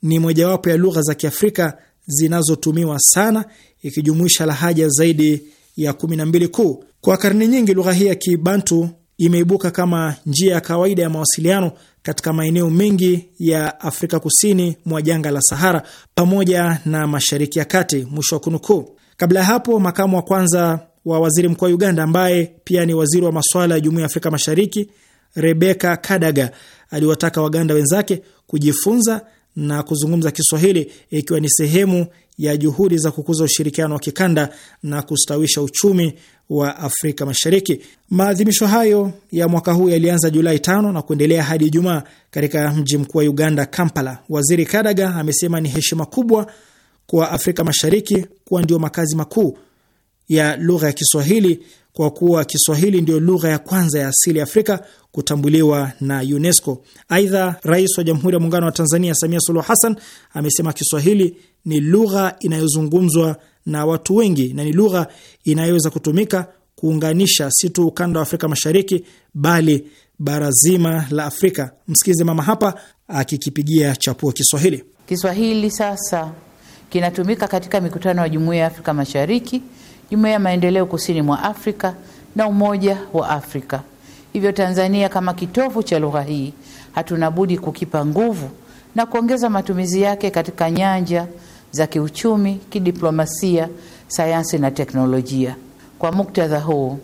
Ni mojawapo ya lugha za Kiafrika zinazotumiwa sana, ikijumuisha lahaja zaidi ya 12 kuu. Kwa karne nyingi, lugha hii ya Kibantu imeibuka kama njia ya kawaida ya mawasiliano katika maeneo mengi ya Afrika kusini mwa jangwa la Sahara pamoja na Mashariki ya Kati. Mwisho wa kunukuu. Kabla ya hapo, makamu wa kwanza wa waziri mkuu wa Uganda ambaye pia ni waziri wa masuala ya Jumuiya ya Afrika Mashariki, rebeka Kadaga aliwataka Waganda wenzake kujifunza na kuzungumza Kiswahili ikiwa ni sehemu ya juhudi za kukuza ushirikiano wa kikanda na kustawisha uchumi wa Afrika Mashariki. Maadhimisho hayo ya mwaka huu yalianza Julai tano na kuendelea hadi Ijumaa katika mji mkuu wa Uganda, Kampala. Waziri Kadaga amesema ni heshima kubwa kwa Afrika Mashariki kuwa ndio makazi makuu ya lugha ya Kiswahili kwa kuwa Kiswahili ndio lugha ya kwanza ya asili ya Afrika kutambuliwa na UNESCO. Aidha, Rais wa Jamhuri ya Muungano wa Tanzania Samia Suluhu Hassan amesema Kiswahili ni lugha inayozungumzwa na watu wengi na ni lugha inayoweza kutumika kuunganisha si tu ukanda wa Afrika Mashariki bali bara zima la Afrika. Msikize mama hapa akikipigia chapuo Kiswahili. Kiswahili sasa kinatumika katika mikutano ya Jumuiya ya Afrika Mashariki Jumuiya ya Maendeleo Kusini mwa Afrika na Umoja wa Afrika. Hivyo Tanzania kama kitovu cha lugha hii hatuna budi kukipa nguvu na kuongeza matumizi yake katika nyanja za kiuchumi, kidiplomasia, sayansi na teknolojia. Kwa muktadha huu,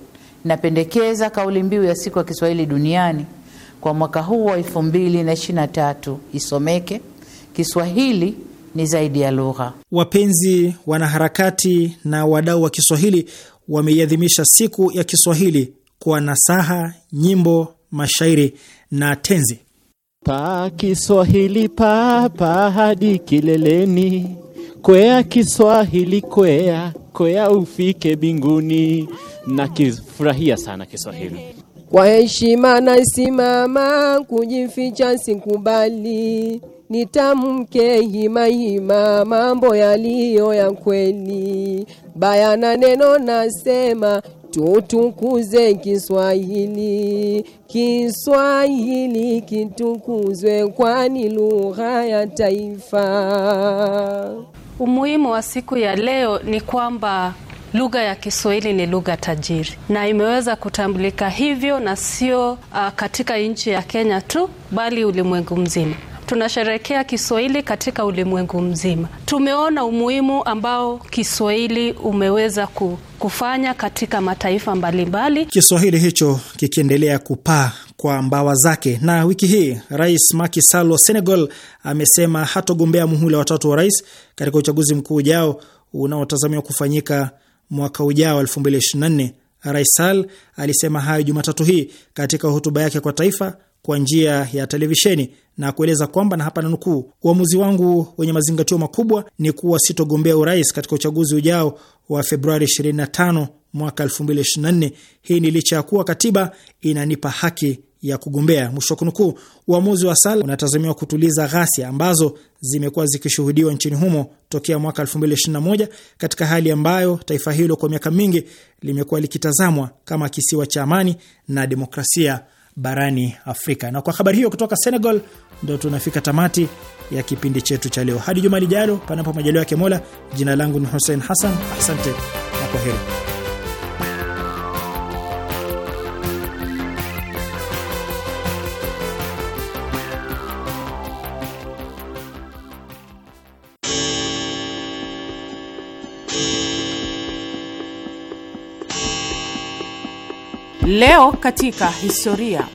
napendekeza kauli mbiu ya siku ya Kiswahili duniani kwa mwaka huu wa l223 isomeke Kiswahili ni zaidi ya lugha. Wapenzi wanaharakati na wadau wa Kiswahili wameiadhimisha siku ya Kiswahili kwa nasaha, nyimbo, mashairi na tenzi. Pa Kiswahili papa hadi kileleni, kwea Kiswahili kwea kwea, ufike binguni. Na kifurahia sana Kiswahili kwa heshima na simama, kujificha sikubali nitamke hima hima mambo yaliyo ya kweli, bayana neno nasema tutukuze Kiswahili, Kiswahili kitukuzwe, kwani lugha ya taifa. Umuhimu wa siku ya leo ni kwamba lugha ya Kiswahili ni lugha tajiri na imeweza kutambulika hivyo, na sio uh, katika nchi ya Kenya tu, bali ulimwengu mzima tunasherekea Kiswahili katika ulimwengu mzima. Tumeona umuhimu ambao Kiswahili umeweza ku kufanya katika mataifa mbalimbali. Kiswahili hicho kikiendelea kupaa kwa mbawa zake. Na wiki hii Rais Macky Sall wa Senegal amesema hatogombea muhula watatu wa rais katika uchaguzi mkuu ujao unaotazamiwa kufanyika mwaka ujao 2024. Rais Sall alisema hayo Jumatatu hii katika hotuba yake kwa taifa kwa njia ya televisheni na kueleza kwamba na hapa na nukuu, uamuzi wangu wenye mazingatio makubwa ni kuwa sitogombea urais katika uchaguzi ujao wa Februari 25 mwaka 2024. Hii ni licha ya kuwa katiba inanipa haki ya kugombea, mwisho wa kunukuu. Uamuzi wa Sala unatazamiwa kutuliza ghasia ambazo zimekuwa zikishuhudiwa nchini humo tokea mwaka 2021 katika hali ambayo taifa hilo kwa miaka mingi limekuwa likitazamwa kama kisiwa cha amani na demokrasia barani Afrika. Na kwa habari hiyo kutoka Senegal, ndo tunafika tamati ya kipindi chetu cha leo. Hadi juma lijalo, panapo majaliwa yake Mola. Jina langu ni Hussein Hassan, asante na kwa heri. Leo katika historia.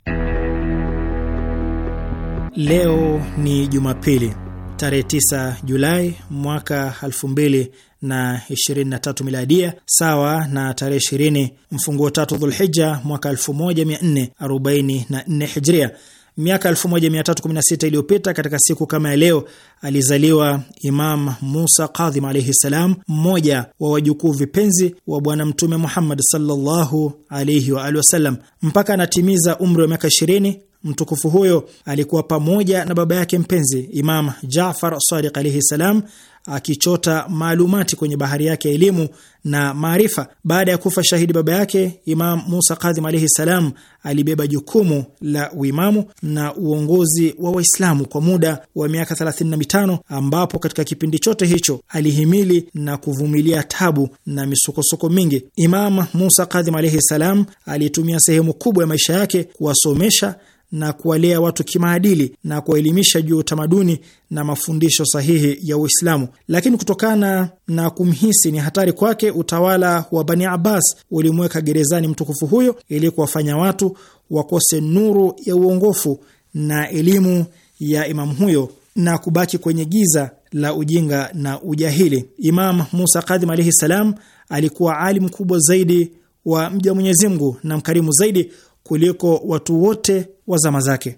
Leo ni Jumapili tarehe 9 Julai mwaka 2023 miladia, sawa na tarehe 20 mfunguo tatu Dhulhija mwaka 1444 hijria. Miaka 1316 iliyopita katika siku kama ya leo alizaliwa Imam Musa Kadhim alaihi ssalam, mmoja wa wajukuu vipenzi wa Bwana Mtume Muhammad sallallahu alaihi waalihi wasallam. Mpaka anatimiza umri wa miaka 20 mtukufu huyo alikuwa pamoja na baba yake mpenzi Imam Jafar Sadiq alaihi ssalam akichota maalumati kwenye bahari yake ya elimu na maarifa. Baada ya kufa shahidi baba yake, Imam Musa Kadhim alaihi salam alibeba jukumu la uimamu na uongozi wa Waislamu kwa muda wa miaka 35 ambapo katika kipindi chote hicho alihimili na kuvumilia tabu na misukosuko mingi. Imam Musa Kadhim alaihi salam alitumia sehemu kubwa ya maisha yake kuwasomesha na kuwalea watu kimaadili na kuwaelimisha juu ya utamaduni na mafundisho sahihi ya Uislamu. Lakini kutokana na kumhisi ni hatari kwake, utawala wa Bani Abbas ulimweka gerezani mtukufu huyo ili kuwafanya watu wakose nuru ya uongofu na elimu ya imamu huyo na kubaki kwenye giza la ujinga na ujahili. Imam Musa Kadhim alaihi salam alikuwa alim mkubwa zaidi wa mja wa Mwenyezi Mungu na mkarimu zaidi kuliko watu wote wa zama zake.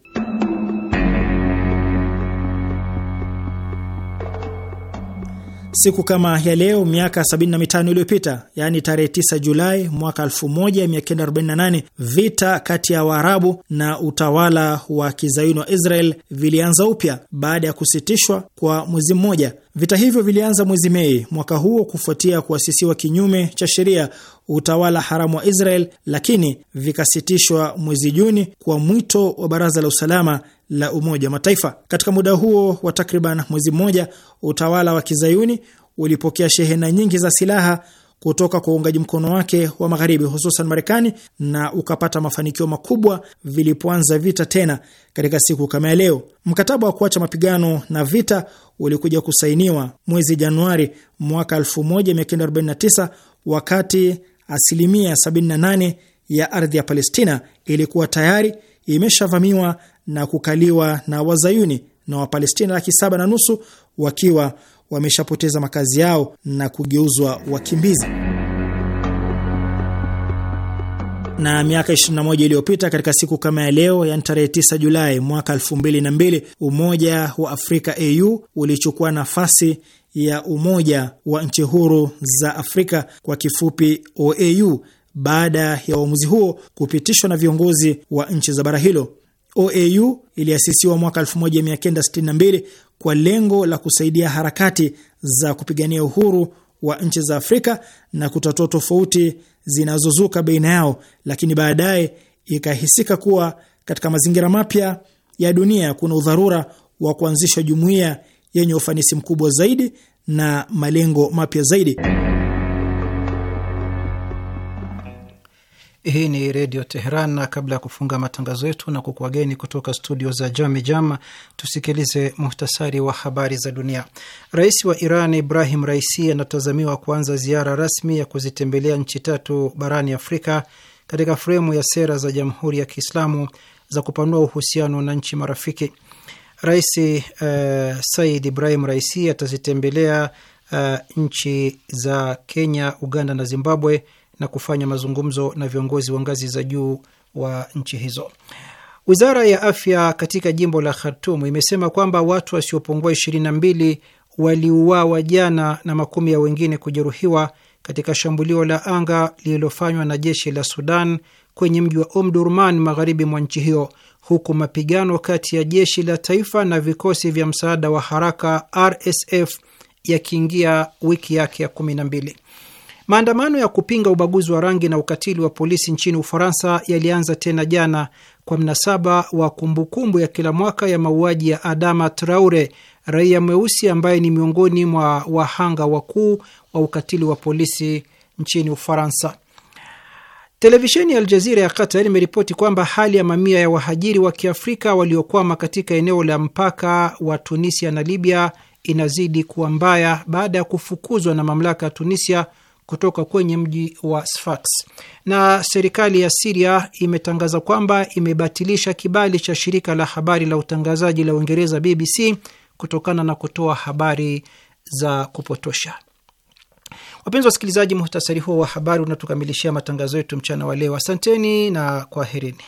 Siku kama ya leo miaka 75 iliyopita, yaani tarehe 9 Julai mwaka 1948, vita kati ya Waarabu na utawala wa kizayuni wa Israel vilianza upya baada ya kusitishwa kwa mwezi mmoja. Vita hivyo vilianza mwezi Mei mwaka huo kufuatia kuasisiwa kinyume cha sheria utawala haramu wa Israel, lakini vikasitishwa mwezi Juni kwa mwito wa Baraza la Usalama la Umoja wa Mataifa. Katika muda huo wa takriban mwezi mmoja, utawala wa kizayuni ulipokea shehena nyingi za silaha kutoka kwa uungaji mkono wake wa magharibi hususan Marekani na ukapata mafanikio makubwa vilipoanza vita tena katika siku kama ya leo. Mkataba wa kuacha mapigano na vita ulikuja kusainiwa mwezi Januari mwaka 1949 wakati asilimia 78 ya ardhi ya Palestina ilikuwa tayari imeshavamiwa na kukaliwa na Wazayuni na Wapalestina laki saba na nusu wakiwa wameshapoteza makazi yao na kugeuzwa wakimbizi. Na miaka 21 iliyopita katika siku kama ya leo, yani tarehe 9 Julai mwaka 2002, Umoja wa Afrika AU ulichukua nafasi ya Umoja wa Nchi Huru za Afrika kwa kifupi OAU baada ya uamuzi huo kupitishwa na viongozi wa nchi za bara hilo. OAU iliasisiwa mwaka 1962 kwa lengo la kusaidia harakati za kupigania uhuru wa nchi za Afrika na kutatua tofauti zinazozuka baina yao, lakini baadaye ikahisika kuwa katika mazingira mapya ya dunia kuna udharura wa kuanzisha jumuiya yenye ufanisi mkubwa zaidi na malengo mapya zaidi. Hii ni Redio Teheran, na kabla ya kufunga matangazo yetu na geni kutoka studio za Jamejama, tusikilize muhtasari wa habari za dunia. Rais wa Iran Ibrahim Raisi anatazamiwa kuanza ziara rasmi ya kuzitembelea nchi tatu barani Afrika katika fremu ya sera za Jamhuri ya Kiislamu za kupanua uhusiano na nchi marafiki. Rais uh, Said Ibrahim Raisi atazitembelea uh, nchi za Kenya, Uganda na Zimbabwe na kufanya mazungumzo na viongozi wa ngazi za juu wa nchi hizo. Wizara ya afya katika jimbo la Khartum imesema kwamba watu wasiopungua mbili waliuawa jana na makumi ya wengine kujeruhiwa katika shambulio la anga lililofanywa na jeshi la Sudan kwenye mji wa Omdurman umm magharibi mwa nchi hiyo, huku mapigano kati ya jeshi la taifa na vikosi vya msaada wa haraka RSF yakiingia wiki yake ya kumi na mbili. Maandamano ya kupinga ubaguzi wa rangi na ukatili wa polisi nchini Ufaransa yalianza tena jana kwa mnasaba wa kumbukumbu ya kila mwaka ya mauaji ya Adama Traore, raia mweusi ambaye ni miongoni mwa wahanga wakuu wa ukatili wa polisi nchini Ufaransa. Televisheni ya Aljazira ya Qatar imeripoti kwamba hali ya mamia ya wahajiri wa Kiafrika waliokwama katika eneo la mpaka wa Tunisia na Libya inazidi kuwa mbaya baada ya kufukuzwa na mamlaka ya Tunisia kutoka kwenye mji wa Sfax. Na serikali ya Siria imetangaza kwamba imebatilisha kibali cha shirika la habari la utangazaji la Uingereza BBC kutokana na kutoa habari za kupotosha. Wapenzi wa wasikilizaji, muhtasari huo wa habari unatukamilishia matangazo yetu mchana wa leo. Asanteni na kwaherini.